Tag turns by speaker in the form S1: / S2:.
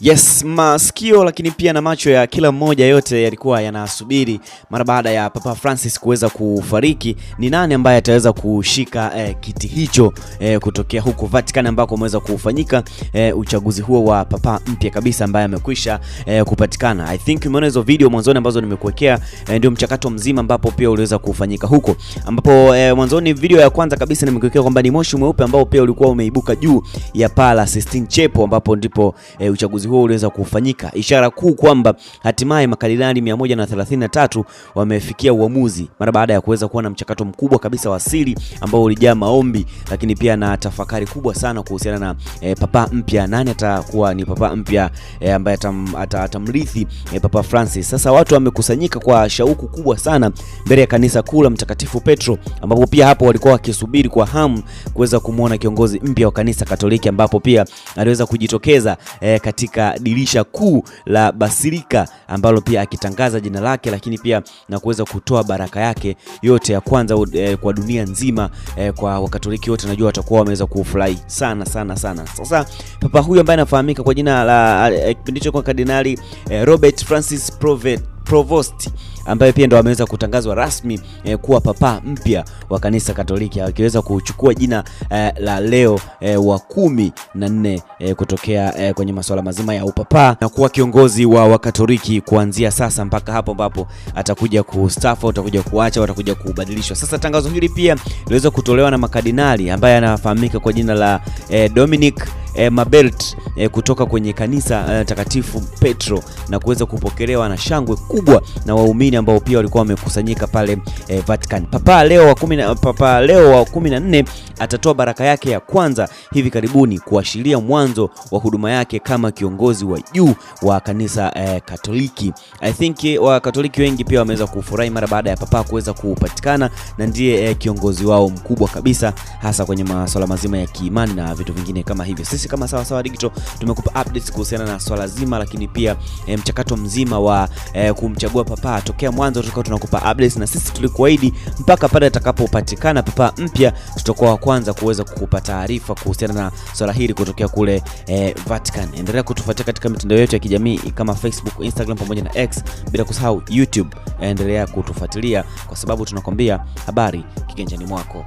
S1: Yes, masikio lakini pia na macho ya kila mmoja yote yalikuwa yanasubiri mara baada ya Papa Francis kuweza kufariki, ni nani ambaye ataweza kushika eh, kiti hicho eh, kutokea huko Vatican ambako umeweza kufanyika eh, uchaguzi huo wa papa mpya kabisa ambaye amekwisha eh, kupatikana. I think umeona hizo video mwanzoni ambazo nimekuwekea eh, ndio mchakato mzima ambapo pia uliweza kufanyika huko ambapo eh, mwanzoni video ya kwanza kabisa nimekuwekea kwamba ni moshi mweupe ambao pia ulikuwa umeibuka juu ya pala Sistine Chapel ambapo ndipo eh, uchaguzi uchaguzi huo uliweza kufanyika, ishara kuu kwamba hatimaye makadinali 133 wamefikia uamuzi mara baada ya kuweza kuwa na mchakato mkubwa kabisa wa siri ambao ulijaa maombi, lakini pia na tafakari kubwa sana kuhusiana na e, papa mpya, nani atakuwa ni papa mpya e, ambaye atam, atamrithi e, Papa Francis. Sasa watu wamekusanyika kwa shauku kubwa sana mbele ya kanisa kuu la Mtakatifu Petro, ambapo pia hapo walikuwa wakisubiri kwa hamu kuweza kumwona kiongozi mpya wa kanisa Katoliki, ambapo pia aliweza kujitokeza e, katika katika dirisha kuu la Basilika ambalo pia akitangaza jina lake, lakini pia na kuweza kutoa baraka yake yote ya kwanza e, kwa dunia nzima e, kwa Wakatoliki wote najua watakuwa wameweza kufurahi sana sana sana. Sasa papa huyu ambaye anafahamika kwa jina la kipindi eh, kwa Kardinali e, Robert Francis Provet Provost ambaye pia ndo ameweza kutangazwa rasmi eh, kuwa papa mpya wa kanisa Katoliki akiweza kuchukua jina eh, la Leo eh, wa kumi na nne eh, kutokea eh, kwenye masuala mazima ya upapa na kuwa kiongozi wa Wakatoliki kuanzia sasa mpaka hapo ambapo atakuja kustafa utakuja kuacha, atakuja kubadilishwa. Sasa tangazo hili pia liweza kutolewa na makadinali ambaye anafahamika kwa jina la eh, Dominic e, mabelt e, kutoka kwenye kanisa e, takatifu Petro na kuweza kupokelewa na shangwe kubwa na waumini ambao pia walikuwa wamekusanyika pale e, Vatican. Papa Leo wa kumi na, Papa Leo wa 14 atatoa baraka yake ya kwanza hivi karibuni kuashiria mwanzo wa huduma yake kama kiongozi wa juu wa kanisa e, Katoliki. I think wa Katoliki wengi pia wameweza kufurahi mara baada ya papa kuweza kupatikana na ndiye e, kiongozi wao mkubwa kabisa hasa kwenye masuala mazima ya kiimani na vitu vingine kama hivyo. Sisi sisi kama Sawasawa Digital tumekupa updates kuhusiana na swala zima, lakini pia e, mchakato mzima wa e, kumchagua papa tokea mwanzo, tutakuwa tunakupa updates na sisi tulikuahidi mpaka pale atakapopatikana papa mpya, tutakuwa wa kwanza kuweza kukupa taarifa kuhusiana na swala hili kutokea kule e, Vatican. Endelea kutufuatia katika mitandao yetu ya kijamii kama Facebook, Instagram pamoja na X, bila kusahau YouTube. Endelea kutufuatilia kwa sababu tunakwambia habari kiganjani mwako.